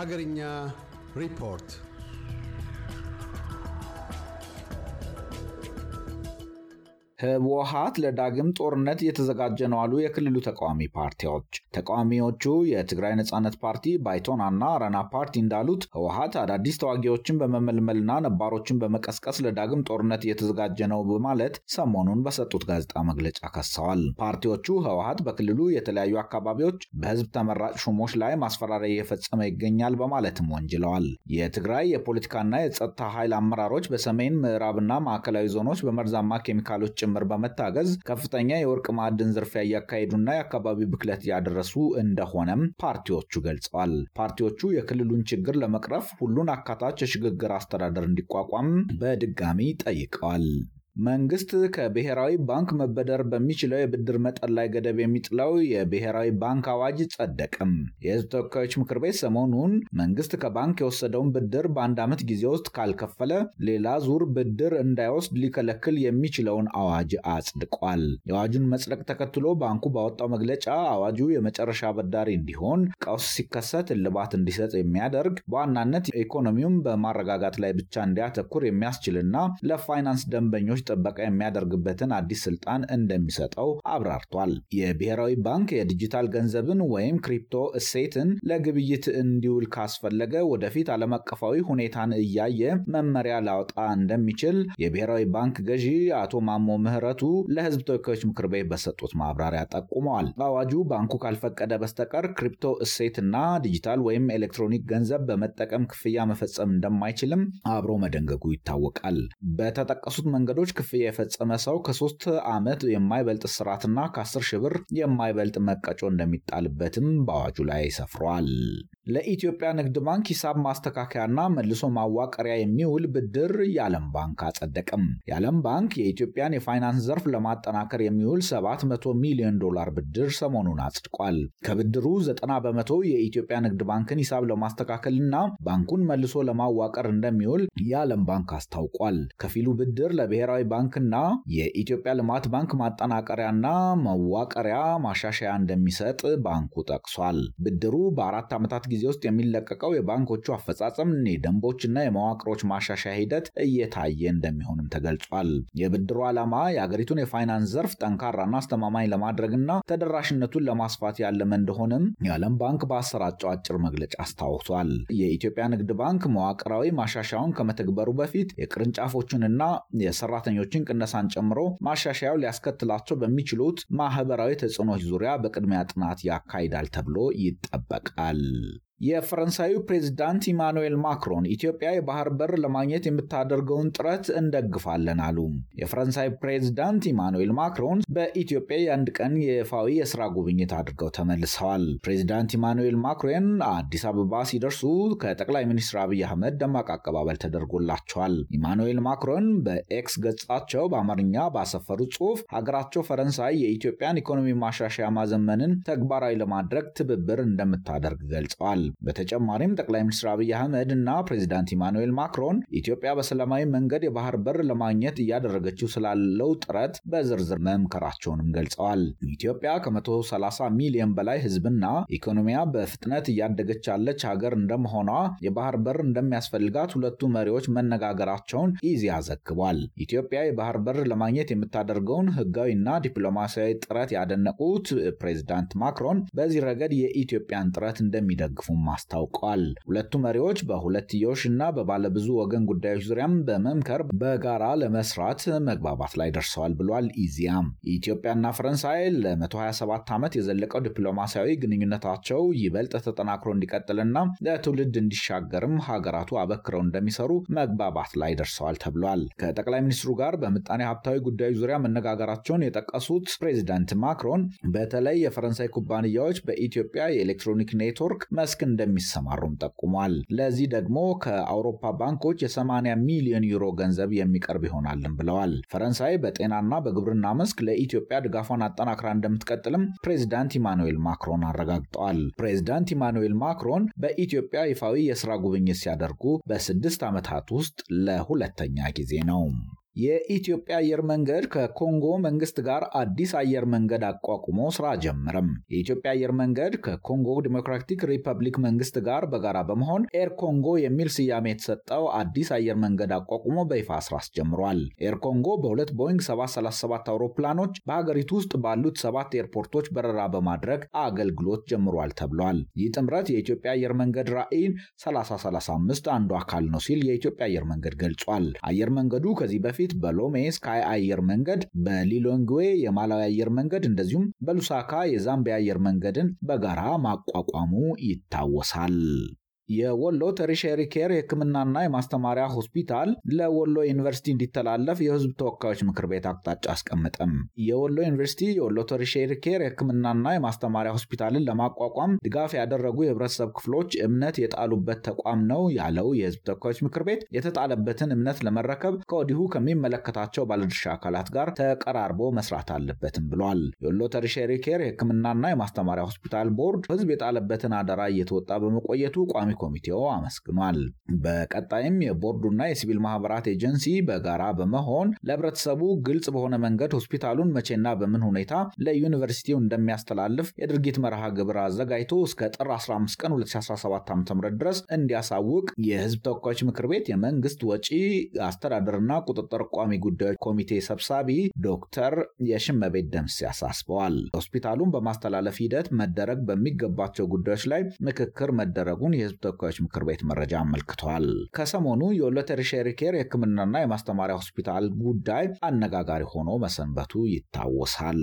ሀገርኛ ሪፖርት ህወሀት ለዳግም ጦርነት እየተዘጋጀ ነው አሉ የክልሉ ተቃዋሚ ፓርቲዎች። ተቃዋሚዎቹ የትግራይ ነጻነት ፓርቲ፣ ባይቶናና አረና ፓርቲ እንዳሉት ህወሀት አዳዲስ ተዋጊዎችን በመመልመልና ነባሮችን በመቀስቀስ ለዳግም ጦርነት እየተዘጋጀ ነው በማለት ሰሞኑን በሰጡት ጋዜጣ መግለጫ ከሰዋል። ፓርቲዎቹ ህወሀት በክልሉ የተለያዩ አካባቢዎች በህዝብ ተመራጭ ሹሞች ላይ ማስፈራሪያ እየፈጸመ ይገኛል በማለትም ወንጅለዋል። የትግራይ የፖለቲካና የጸጥታ ኃይል አመራሮች በሰሜን ምዕራብና ማዕከላዊ ዞኖች በመርዛማ ኬሚካሎች ጭምር በመታገዝ ከፍተኛ የወርቅ ማዕድን ዝርፊያ እያካሄዱና የአካባቢ ብክለት እያደረ እየደረሱ እንደሆነም ፓርቲዎቹ ገልጸዋል። ፓርቲዎቹ የክልሉን ችግር ለመቅረፍ ሁሉን አካታች የሽግግር አስተዳደር እንዲቋቋም በድጋሚ ጠይቀዋል። መንግስት ከብሔራዊ ባንክ መበደር በሚችለው የብድር መጠን ላይ ገደብ የሚጥለው የብሔራዊ ባንክ አዋጅ ጸደቅም። የህዝብ ተወካዮች ምክር ቤት ሰሞኑን መንግስት ከባንክ የወሰደውን ብድር በአንድ ዓመት ጊዜ ውስጥ ካልከፈለ ሌላ ዙር ብድር እንዳይወስድ ሊከለክል የሚችለውን አዋጅ አጽድቋል። የአዋጁን መጽደቅ ተከትሎ ባንኩ ባወጣው መግለጫ አዋጁ የመጨረሻ በዳሪ እንዲሆን፣ ቀውስ ሲከሰት እልባት እንዲሰጥ የሚያደርግ በዋናነት ኢኮኖሚውን በማረጋጋት ላይ ብቻ እንዲያተኩር የሚያስችልና ለፋይናንስ ደንበኞች ባንኮች ጥበቃ የሚያደርግበትን አዲስ ስልጣን እንደሚሰጠው አብራርቷል። የብሔራዊ ባንክ የዲጂታል ገንዘብን ወይም ክሪፕቶ እሴትን ለግብይት እንዲውል ካስፈለገ ወደፊት ዓለም አቀፋዊ ሁኔታን እያየ መመሪያ ላወጣ እንደሚችል የብሔራዊ ባንክ ገዢ አቶ ማሞ ምህረቱ ለሕዝብ ተወካዮች ምክር ቤት በሰጡት ማብራሪያ ጠቁመዋል። አዋጁ ባንኩ ካልፈቀደ በስተቀር ክሪፕቶ እሴትና ዲጂታል ወይም ኤሌክትሮኒክ ገንዘብ በመጠቀም ክፍያ መፈጸም እንደማይችልም አብሮ መደንገጉ ይታወቃል። በተጠቀሱት መንገዶች ለሰነዶች ክፍያ የፈጸመ ሰው ከሶስት ዓመት የማይበልጥ እስራትና ከ10 ሺህ ብር የማይበልጥ መቀጮ እንደሚጣልበትም በአዋጁ ላይ ሰፍሯል። ለኢትዮጵያ ንግድ ባንክ ሂሳብ ማስተካከያና መልሶ ማዋቀሪያ የሚውል ብድር የዓለም ባንክ አጸደቅም። የዓለም ባንክ የኢትዮጵያን የፋይናንስ ዘርፍ ለማጠናከር የሚውል 700 ሚሊዮን ዶላር ብድር ሰሞኑን አጽድቋል። ከብድሩ 90 በመቶ የኢትዮጵያ ንግድ ባንክን ሂሳብ ለማስተካከልና ባንኩን መልሶ ለማዋቀር እንደሚውል የዓለም ባንክ አስታውቋል። ከፊሉ ብድር ለብሔራዊ ባንክና የኢትዮጵያ ልማት ባንክ ማጠናቀሪያና መዋቀሪያ ማሻሻያ እንደሚሰጥ ባንኩ ጠቅሷል። ብድሩ በአራት ዓመታት ጊዜ ጊዜ ውስጥ የሚለቀቀው የባንኮቹ አፈጻጸም፣ የደንቦችና የመዋቅሮች ማሻሻያ ሂደት እየታየ እንደሚሆንም ተገልጿል። የብድሩ ዓላማ የአገሪቱን የፋይናንስ ዘርፍ ጠንካራና አስተማማኝ ለማድረግና ተደራሽነቱን ለማስፋት ያለመ እንደሆነም የዓለም ባንክ በአሰራጨው አጭር መግለጫ አስታውሷል። የኢትዮጵያ ንግድ ባንክ መዋቅራዊ ማሻሻያውን ከመተግበሩ በፊት የቅርንጫፎቹንና የሰራተኞችን ቅነሳን ጨምሮ ማሻሻያው ሊያስከትላቸው በሚችሉት ማህበራዊ ተጽዕኖች ዙሪያ በቅድሚያ ጥናት ያካሂዳል ተብሎ ይጠበቃል። የፈረንሳዩ ፕሬዚዳንት ኢማኑኤል ማክሮን ኢትዮጵያ የባህር በር ለማግኘት የምታደርገውን ጥረት እንደግፋለን አሉ። የፈረንሳይ ፕሬዚዳንት ኢማኑኤል ማክሮን በኢትዮጵያ የአንድ ቀን የፋዊ የስራ ጉብኝት አድርገው ተመልሰዋል። ፕሬዚዳንት ኢማኑኤል ማክሮን አዲስ አበባ ሲደርሱ ከጠቅላይ ሚኒስትር አብይ አህመድ ደማቅ አቀባበል ተደርጎላቸዋል። ኢማኑኤል ማክሮን በኤክስ ገጻቸው በአማርኛ ባሰፈሩት ጽሑፍ ሀገራቸው ፈረንሳይ የኢትዮጵያን ኢኮኖሚ ማሻሻያ ማዘመንን ተግባራዊ ለማድረግ ትብብር እንደምታደርግ ገልጸዋል። በተጨማሪም ጠቅላይ ሚኒስትር አብይ አህመድ እና ፕሬዚዳንት ኢማኑኤል ማክሮን ኢትዮጵያ በሰላማዊ መንገድ የባህር በር ለማግኘት እያደረገችው ስላለው ጥረት በዝርዝር መምከራቸውንም ገልጸዋል። ኢትዮጵያ ከ130 ሚሊዮን በላይ ህዝብና ኢኮኖሚያ በፍጥነት እያደገች ያለች ሀገር እንደመሆኗ የባህር በር እንደሚያስፈልጋት ሁለቱ መሪዎች መነጋገራቸውን ኢዜአ ዘግቧል። ኢትዮጵያ የባህር በር ለማግኘት የምታደርገውን ሕጋዊና ዲፕሎማሲያዊ ጥረት ያደነቁት ፕሬዚዳንት ማክሮን በዚህ ረገድ የኢትዮጵያን ጥረት እንደሚደግፉ ። መሆኑም አስታውቀዋል። ሁለቱ መሪዎች በሁለትዮሽ እና በባለብዙ ወገን ጉዳዮች ዙሪያም በመምከር በጋራ ለመስራት መግባባት ላይ ደርሰዋል ብሏል። ኢዚያም ኢትዮጵያና ፈረንሳይ ለ127 ዓመት የዘለቀው ዲፕሎማሲያዊ ግንኙነታቸው ይበልጥ ተጠናክሮ እንዲቀጥልና ለትውልድ እንዲሻገርም ሀገራቱ አበክረው እንደሚሰሩ መግባባት ላይ ደርሰዋል ተብሏል። ከጠቅላይ ሚኒስትሩ ጋር በምጣኔ ሀብታዊ ጉዳዮች ዙሪያ መነጋገራቸውን የጠቀሱት ፕሬዚዳንት ማክሮን በተለይ የፈረንሳይ ኩባንያዎች በኢትዮጵያ የኤሌክትሮኒክ ኔትወርክ መስክ እንደሚሰማሩም ጠቁሟል። ለዚህ ደግሞ ከአውሮፓ ባንኮች የ80 ሚሊዮን ዩሮ ገንዘብ የሚቀርብ ይሆናልን ብለዋል። ፈረንሳይ በጤናና በግብርና መስክ ለኢትዮጵያ ድጋፏን አጠናክራ እንደምትቀጥልም ፕሬዚዳንት ኢማኑኤል ማክሮን አረጋግጠዋል። ፕሬዚዳንት ኢማኑኤል ማክሮን በኢትዮጵያ ይፋዊ የስራ ጉብኝት ሲያደርጉ በስድስት ዓመታት ውስጥ ለሁለተኛ ጊዜ ነው። የኢትዮጵያ አየር መንገድ ከኮንጎ መንግስት ጋር አዲስ አየር መንገድ አቋቁሞ ስራ ጀመረም። የኢትዮጵያ አየር መንገድ ከኮንጎ ዲሞክራቲክ ሪፐብሊክ መንግስት ጋር በጋራ በመሆን ኤር ኮንጎ የሚል ስያሜ የተሰጠው አዲስ አየር መንገድ አቋቁሞ በይፋ ስራ አስጀምሯል። ኤር ኮንጎ በሁለት ቦይንግ 737 አውሮፕላኖች በሀገሪቱ ውስጥ ባሉት ሰባት ኤርፖርቶች በረራ በማድረግ አገልግሎት ጀምሯል ተብሏል። ይህ ጥምረት የኢትዮጵያ አየር መንገድ ራዕይን 3035 አንዱ አካል ነው ሲል የኢትዮጵያ አየር መንገድ ገልጿል። አየር መንገዱ ከዚህ በፊት በፊት በሎሜ ስካይ አየር መንገድ፣ በሊሎንግዌ የማላዊ አየር መንገድ እንደዚሁም በሉሳካ የዛምቢያ አየር መንገድን በጋራ ማቋቋሙ ይታወሳል። የወሎ ተሪሸሪ ኬር የሕክምናና የማስተማሪያ ሆስፒታል ለወሎ ዩኒቨርሲቲ እንዲተላለፍ የህዝብ ተወካዮች ምክር ቤት አቅጣጫ አስቀምጠም። የወሎ ዩኒቨርሲቲ የወሎ ተሪሸሪ ኬር የሕክምናና የማስተማሪያ ሆስፒታልን ለማቋቋም ድጋፍ ያደረጉ የህብረተሰብ ክፍሎች እምነት የጣሉበት ተቋም ነው ያለው የህዝብ ተወካዮች ምክር ቤት የተጣለበትን እምነት ለመረከብ ከወዲሁ ከሚመለከታቸው ባለድርሻ አካላት ጋር ተቀራርቦ መስራት አለበትም ብሏል። የወሎ ተሪሸሪ ኬር የሕክምናና የማስተማሪያ ሆስፒታል ቦርድ ህዝብ የጣለበትን አደራ እየተወጣ በመቆየቱ ቋሚ ኮሚቴው አመስግኗል። በቀጣይም የቦርዱና የሲቪል ማህበራት ኤጀንሲ በጋራ በመሆን ለህብረተሰቡ ግልጽ በሆነ መንገድ ሆስፒታሉን መቼና በምን ሁኔታ ለዩኒቨርሲቲው እንደሚያስተላልፍ የድርጊት መርሃ ግብር አዘጋጅቶ እስከ ጥር 15 ቀን 2017 ዓ.ም ድረስ እንዲያሳውቅ የህዝብ ተወካዮች ምክር ቤት የመንግስት ወጪ አስተዳደርና ቁጥጥር ቋሚ ጉዳዮች ኮሚቴ ሰብሳቢ ዶክተር የሽመቤት ደምስ ያሳስበዋል። ሆስፒታሉን በማስተላለፍ ሂደት መደረግ በሚገባቸው ጉዳዮች ላይ ምክክር መደረጉን የህዝብ ተወካዮች ምክር ቤት መረጃ አመልክቷል። ከሰሞኑ የወሎ ሼሪኬር፣ ኬር የሕክምናና የማስተማሪያ ሆስፒታል ጉዳይ አነጋጋሪ ሆኖ መሰንበቱ ይታወሳል።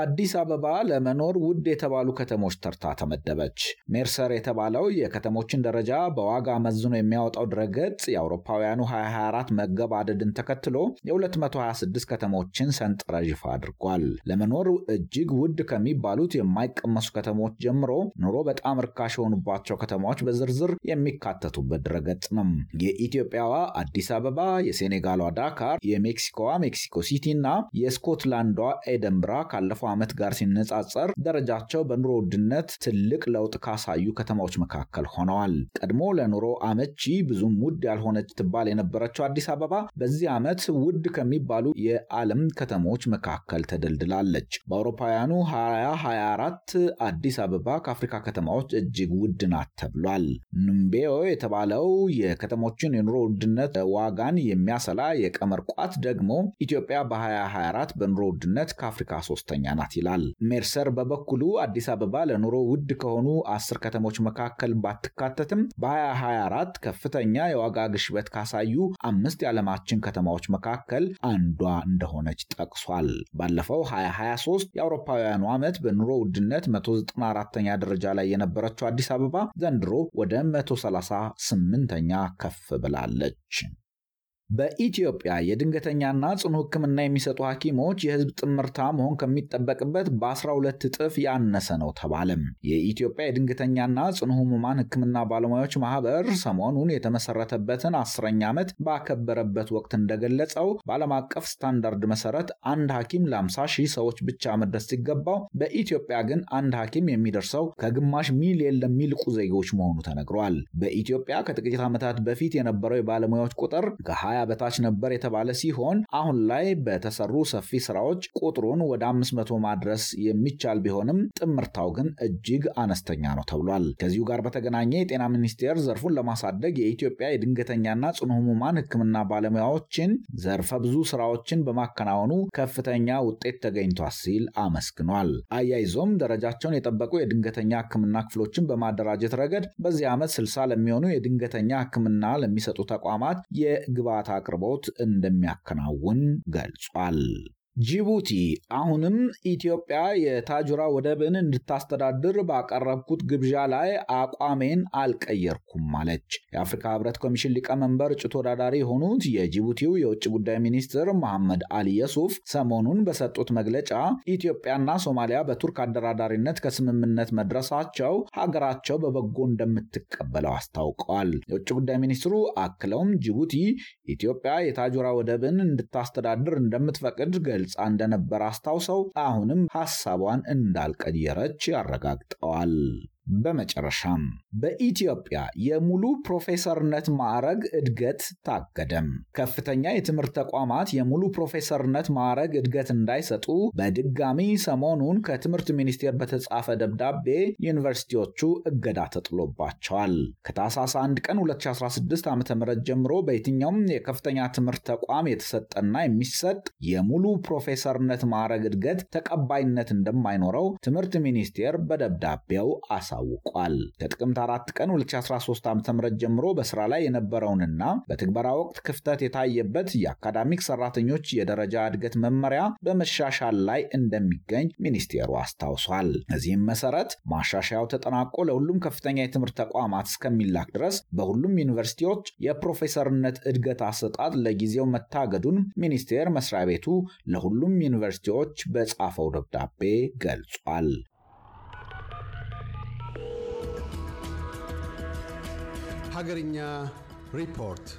አዲስ አበባ ለመኖር ውድ የተባሉ ከተሞች ተርታ ተመደበች። ሜርሰር የተባለው የከተሞችን ደረጃ በዋጋ መዝኖ የሚያወጣው ድረገጽ የአውሮፓውያኑ 2024 መገባደድን ተከትሎ የ226 ከተሞችን ሰንጠረዥ ይፋ አድርጓል። ለመኖር እጅግ ውድ ከሚባሉት የማይቀመሱ ከተሞች ጀምሮ ኑሮ በጣም ርካሽ የሆኑባቸው ከተማዎች በዝርዝር የሚካተቱበት ድረገጽ ነው። የኢትዮጵያዋ አዲስ አበባ፣ የሴኔጋሏ ዳካር፣ የሜክሲኮዋ ሜክሲኮ ሲቲ እና የስኮትላንዷ ኤደንብራ ካለፈ ካለፈው ዓመት ጋር ሲነጻጸር ደረጃቸው በኑሮ ውድነት ትልቅ ለውጥ ካሳዩ ከተማዎች መካከል ሆነዋል። ቀድሞ ለኑሮ አመቺ ብዙም ውድ ያልሆነች ትባል የነበረችው አዲስ አበባ በዚህ ዓመት ውድ ከሚባሉ የዓለም ከተሞች መካከል ተደልድላለች። በአውሮፓውያኑ 2024 አዲስ አበባ ከአፍሪካ ከተማዎች እጅግ ውድ ናት ተብሏል። ኑምቤዮ የተባለው የከተሞችን የኑሮ ውድነት ዋጋን የሚያሰላ የቀመር ቋት ደግሞ ኢትዮጵያ በ2024 በኑሮ ውድነት ከአፍሪካ ሶስተኛ ቀዳሚኛ ናት ይላል። ሜርሰር በበኩሉ አዲስ አበባ ለኑሮ ውድ ከሆኑ አስር ከተሞች መካከል ባትካተትም በ2024 ከፍተኛ የዋጋ ግሽበት ካሳዩ አምስት የዓለማችን ከተማዎች መካከል አንዷ እንደሆነች ጠቅሷል። ባለፈው 2023 የአውሮፓውያኑ ዓመት በኑሮ ውድነት 194ኛ ደረጃ ላይ የነበረችው አዲስ አበባ ዘንድሮ ወደ 138ኛ ከፍ ብላለች። በኢትዮጵያ የድንገተኛና ጽኑ ሕክምና የሚሰጡ ሐኪሞች የህዝብ ጥምርታ መሆን ከሚጠበቅበት በ12 እጥፍ ያነሰ ነው ተባለም። የኢትዮጵያ የድንገተኛና ጽኑ ሕሙማን ሕክምና ባለሙያዎች ማህበር ሰሞኑን የተመሰረተበትን አስረኛ ዓመት ባከበረበት ወቅት እንደገለጸው በዓለም አቀፍ ስታንዳርድ መሰረት አንድ ሐኪም ለ50 ሺህ ሰዎች ብቻ መድረስ ሲገባው በኢትዮጵያ ግን አንድ ሐኪም የሚደርሰው ከግማሽ ሚሊየን ለሚልቁ ዜጎች መሆኑ ተነግሯል። በኢትዮጵያ ከጥቂት ዓመታት በፊት የነበረው የባለሙያዎች ቁጥር ከ20 ከ20 በታች ነበር የተባለ ሲሆን አሁን ላይ በተሰሩ ሰፊ ስራዎች ቁጥሩን ወደ 500 ማድረስ የሚቻል ቢሆንም ጥምርታው ግን እጅግ አነስተኛ ነው ተብሏል። ከዚሁ ጋር በተገናኘ የጤና ሚኒስቴር ዘርፉን ለማሳደግ የኢትዮጵያ የድንገተኛና ጽኑ ህሙማን ሕክምና ባለሙያዎችን ዘርፈ ብዙ ስራዎችን በማከናወኑ ከፍተኛ ውጤት ተገኝቷል ሲል አመስግኗል። አያይዞም ደረጃቸውን የጠበቁ የድንገተኛ ሕክምና ክፍሎችን በማደራጀት ረገድ በዚህ ዓመት 60 ለሚሆኑ የድንገተኛ ሕክምና ለሚሰጡ ተቋማት የግብዓት የእርዳታ አቅርቦት እንደሚያከናውን ገልጿል። ጅቡቲ አሁንም ኢትዮጵያ የታጁራ ወደብን እንድታስተዳድር ባቀረብኩት ግብዣ ላይ አቋሜን አልቀየርኩም አለች። የአፍሪካ ሕብረት ኮሚሽን ሊቀመንበር እጩ ተወዳዳሪ የሆኑት የጅቡቲው የውጭ ጉዳይ ሚኒስትር መሐመድ አሊ የሱፍ ሰሞኑን በሰጡት መግለጫ ኢትዮጵያና ሶማሊያ በቱርክ አደራዳሪነት ከስምምነት መድረሳቸው ሀገራቸው በበጎ እንደምትቀበለው አስታውቀዋል። የውጭ ጉዳይ ሚኒስትሩ አክለውም ጅቡቲ ኢትዮጵያ የታጁራ ወደብን እንድታስተዳድር እንደምትፈቅድ ገል ገልጻ እንደነበር አስታውሰው አሁንም ሐሳቧን እንዳልቀየረች ያረጋግጠዋል። በመጨረሻም በኢትዮጵያ የሙሉ ፕሮፌሰርነት ማዕረግ እድገት ታገደም። ከፍተኛ የትምህርት ተቋማት የሙሉ ፕሮፌሰርነት ማዕረግ እድገት እንዳይሰጡ በድጋሚ ሰሞኑን ከትምህርት ሚኒስቴር በተጻፈ ደብዳቤ ዩኒቨርሲቲዎቹ እገዳ ተጥሎባቸዋል። ከታህሳስ 1 ቀን 2016 ዓ ም ጀምሮ በየትኛውም የከፍተኛ ትምህርት ተቋም የተሰጠና የሚሰጥ የሙሉ ፕሮፌሰርነት ማዕረግ እድገት ተቀባይነት እንደማይኖረው ትምህርት ሚኒስቴር በደብዳቤው አሳ ታውቋል። ከጥቅምት 4 ቀን 2013 ዓ.ም ጀምሮ በስራ ላይ የነበረውንና በትግበራ ወቅት ክፍተት የታየበት የአካዳሚክ ሰራተኞች የደረጃ እድገት መመሪያ በመሻሻል ላይ እንደሚገኝ ሚኒስቴሩ አስታውሷል። በዚህም መሰረት ማሻሻያው ተጠናቆ ለሁሉም ከፍተኛ የትምህርት ተቋማት እስከሚላክ ድረስ በሁሉም ዩኒቨርሲቲዎች የፕሮፌሰርነት እድገት አሰጣጥ ለጊዜው መታገዱን ሚኒስቴር መስሪያ ቤቱ ለሁሉም ዩኒቨርሲቲዎች በጻፈው ደብዳቤ ገልጿል። Hagerinya Report